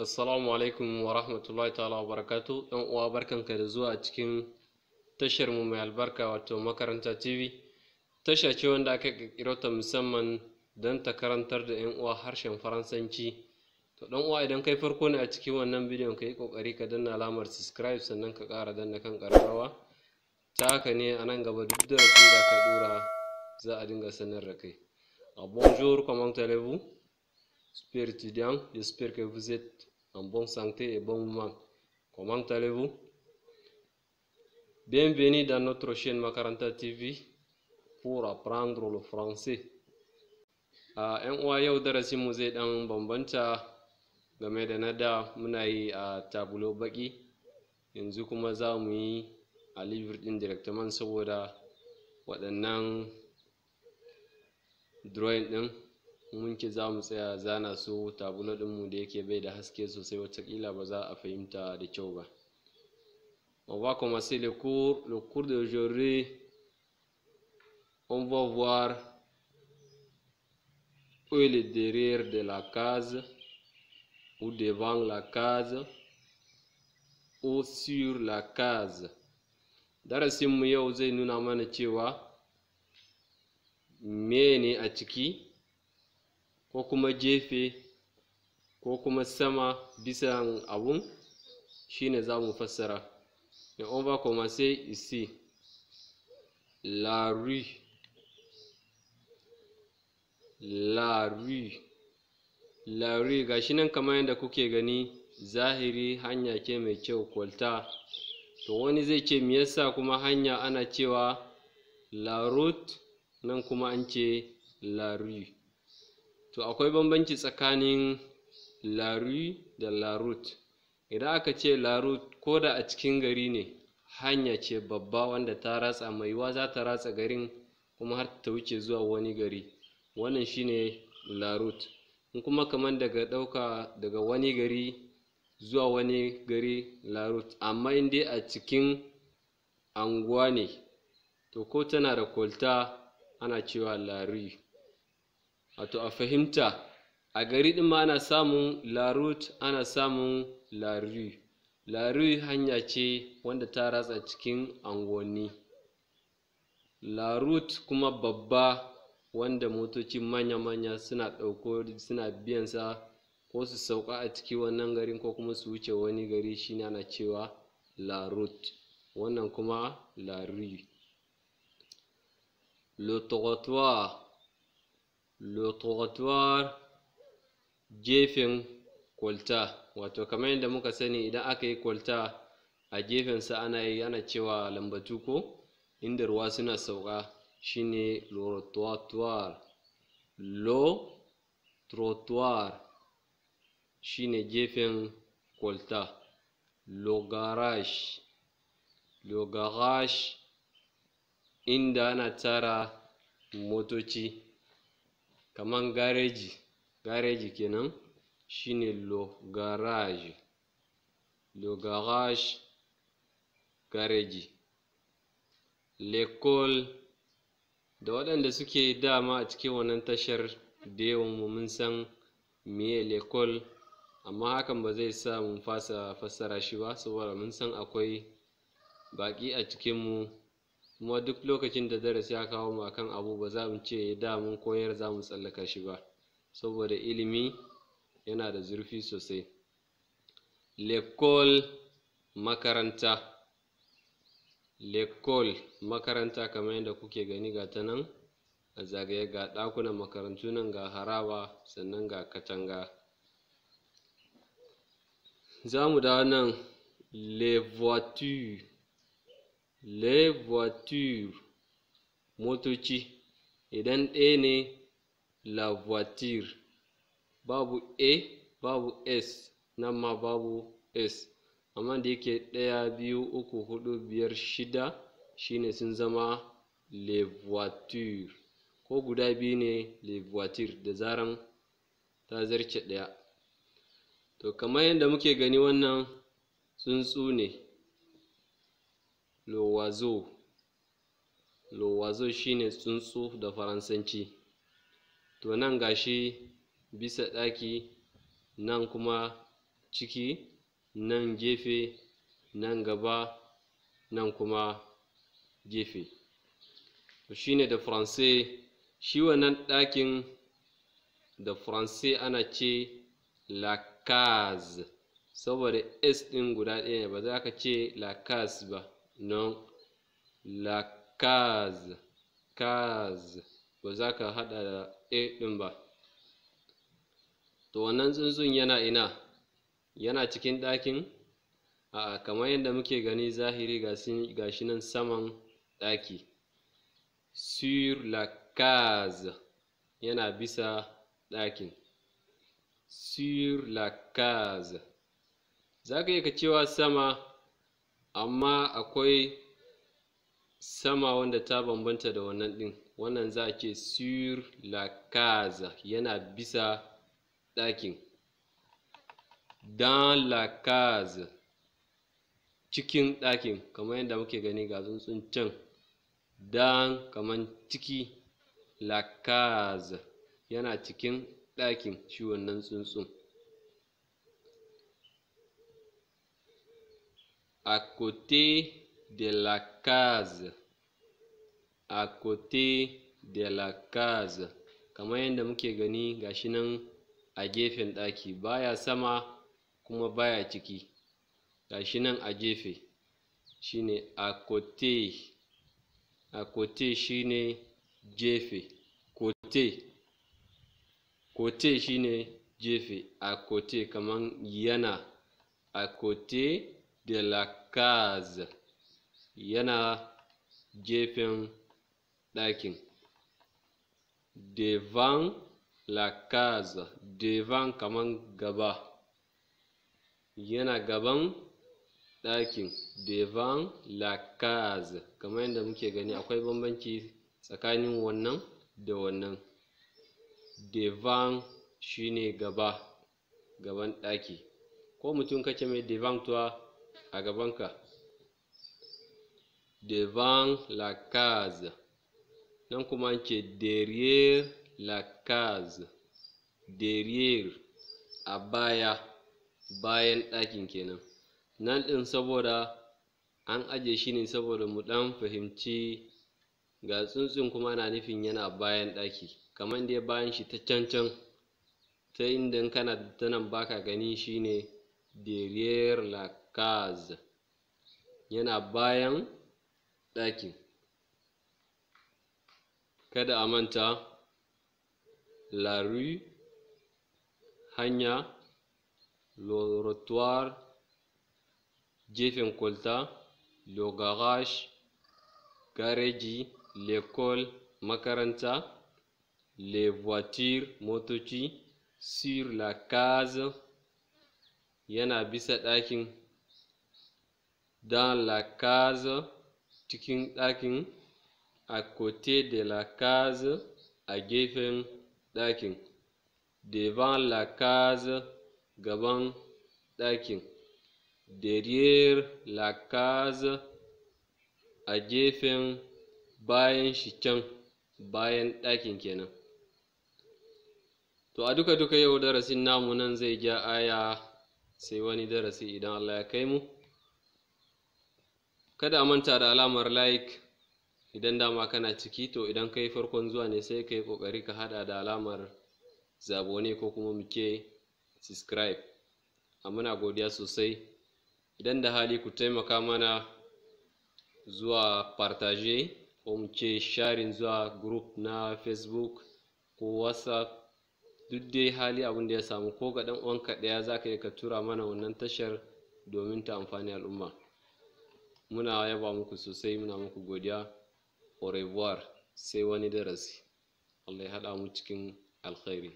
assalamu alaikum wa rahmatullahi ta'ala wa barakatu yan uwa ka da zuwa cikin tashar mu mai albarka wato makaranta tv tasha ce wanda aka kirkiro ta musamman don ta karantar da yan uwa harshen faransanci to dan uwa idan kai farko ne a cikin wannan bidiyon ka yi kokari ka danna alamar subscribe sannan ka kara danna kan ƙararrawa ta haka ne a nan gaba duk darasin da ka ɗora za a dinga sanar da kai a bonjour comment allez-vous J'espère que vous êtes en bonne santé et bon moment. Comment allez-vous Bienvenue dans notre chaîne Macaranta TV pour apprendre le français. A ‘yan uwa yau mu zai ɗan bambanta game da na da muna yi a tabulo baki, yanzu kuma za mu yi a livir ɗin directement saboda waɗannan drawing ɗin mun ce za mu tsaya zana su tabulo ɗinmu da yake bai da haske sosai watakila ba za a fahimta da kyau ba On va commencer le cours. Le cours on va voir où est le derrière de la case, ou devant la case, ou sur la case. mu yau zai nuna mana cewa me ne a ciki ko kuma jefe ko kuma sama bisan abun shine za mu fassara na ova va sai isi la rue la rue la rue gashi nan kamar yadda kuke gani zahiri hanya ke mai kyau kwalta to wani zai ce me yasa kuma hanya ana cewa la nan kuma an ce la to akwai bambanci tsakanin la da la idan aka ce la ko da a cikin gari ne hanya ce babba wanda ta ratsa mai yiwuwa za ta ratsa garin kuma har ta wuce zuwa wani gari wannan shine la route in kuma kamar daga ɗauka daga wani gari zuwa wani gari Larut, amma in dai a cikin anguwa ne to ko tana da kwalta ana cewa la wato a fahimta a gari ɗin ma ana samun larut ana samun larui, larui hanya ce wanda ta ratsa cikin angonni larut kuma babba wanda motoci manya-manya suna ɗauko suna biyansa ko su sauka a ciki wannan garin ko kuma su wuce wani gari shine na cewa larut wannan kuma larui. le lototuwar gefen kwalta wato kamar yadda muka sani idan aka yi kwalta a gefensa ana yi ana cewa lambatu ko inda ruwa suna sauka shine lototuwar lo trottoir shine gefen kwalta lo garage lo garage inda ana tara motoci kaman gareji gareji kenan shine lo garage le garage gareji lekol da waɗanda suke dama a cikin wannan tashar da yawan mu mun san meye lekol amma hakan ba zai sa mu fasa fassara shi ba saboda mun san akwai baƙi a cikinmu kuma duk lokacin da darasi ya kawo mu akan abu ba za mu ce da mun koyar za mu tsallaka shi ba saboda ilimi yana da zurfi sosai lekol makaranta lekol makaranta kamar yadda kuke gani ga ta nan a zagaye ga ɗakunan makarantu nan ga haraba sannan ga katanga za mu dawo nan le voiture les voitures motoci idan ɗaya ne la voiture babu a babu s nan ma babu s amma da yake ɗaya biyu uku huɗu biyar shida shine sun zama le voiture ko guda biyu ne le voiture da zaran ta zarce ɗaya to kamar yadda muke gani wannan tsuntsu ne Lowazo. Lowazo shine tsuntsu da Faransanci. To nan gashi bisa ɗaki, nan kuma ciki, nan gefe, nan gaba, nan kuma gefe. To shine da Faransai, shi wannan ɗakin da Faransai ana ce la case. saboda s ɗin guda ɗaya ne ba za ka ce la case ba non la case case ba za ka hada da a din ba to wannan tsuntsun yana ina yana cikin ɗakin a'a kamar yadda muke gani zahiri ga shi nan saman ɗaki sur la case yana bisa ɗakin sur la case za ka iya ka cewa sama amma akwai sama wanda ta bambanta da wannan ɗin wannan za a ce sur la casa yana bisa ɗakin dan la case cikin ɗakin kamar yadda muke gani ga tsuntsun can dan kamar ciki la case yana cikin ɗakin shi wannan tsuntsun à côté de la case à côté de la case kamar yadda muke gani gashi nan a gefen ɗaki baya sama kuma baya ciki gashi nan a gefe shine à côté à shi ne gefe cote shi ne gefe a cote kaman yana a cote. de la case yana gefen ɗakin. Devant la case, devant kaman gaba, yana gaban ɗakin devant la case kamar yadda muke gani akwai bambanci tsakanin wannan da wannan. Devant shine gaba, gaban ɗaki. Ko mutum kace mai devant tuwa a gabanka devant la case nan kuma an ce derrière la case derrière a baya bayan ɗakin kenan nan ɗin saboda an aje shi ne saboda mu ɗan fahimci ga tsuntsun kuma na nufin yana bayan ɗaki kamar dai bayan shi ta can can ta inda kana ta nan baka gani shine derrière la Kaz yana bayan ɗakin kada a manta la rue hanya le rotoir gefen kwalta le garage gareji l'école makaranta les voitures motoci sur la case yana bisa ɗakin dans la case cikin ɗakin a côté de la case a gefen ɗakin devant la case gaban ɗakin derrière la case a gefen bayan shi can bayan ɗakin kenan to a duka duka yau darasin namu nan zai ja aya sai wani darasi idan Allah ya kai mu kada a manta da alamar like idan dama kana ciki to idan ka yi farkon zuwa ne sai ka yi ƙoƙari ka haɗa da alamar zabone ko kuma muke subscribe a muna godiya sosai idan da hali ku taimaka mana zuwa partage ko muke sharing zuwa group na facebook ko whatsapp duk dai hali abin da ya samu ko ga ɗan uwanka ɗaya za ka yi ka tura mana wannan tashar domin ta amfani al'umma muna yaba muku sosai muna muku godiya au revoir sai wani darasi Allah ya haɗa mu cikin alkhairi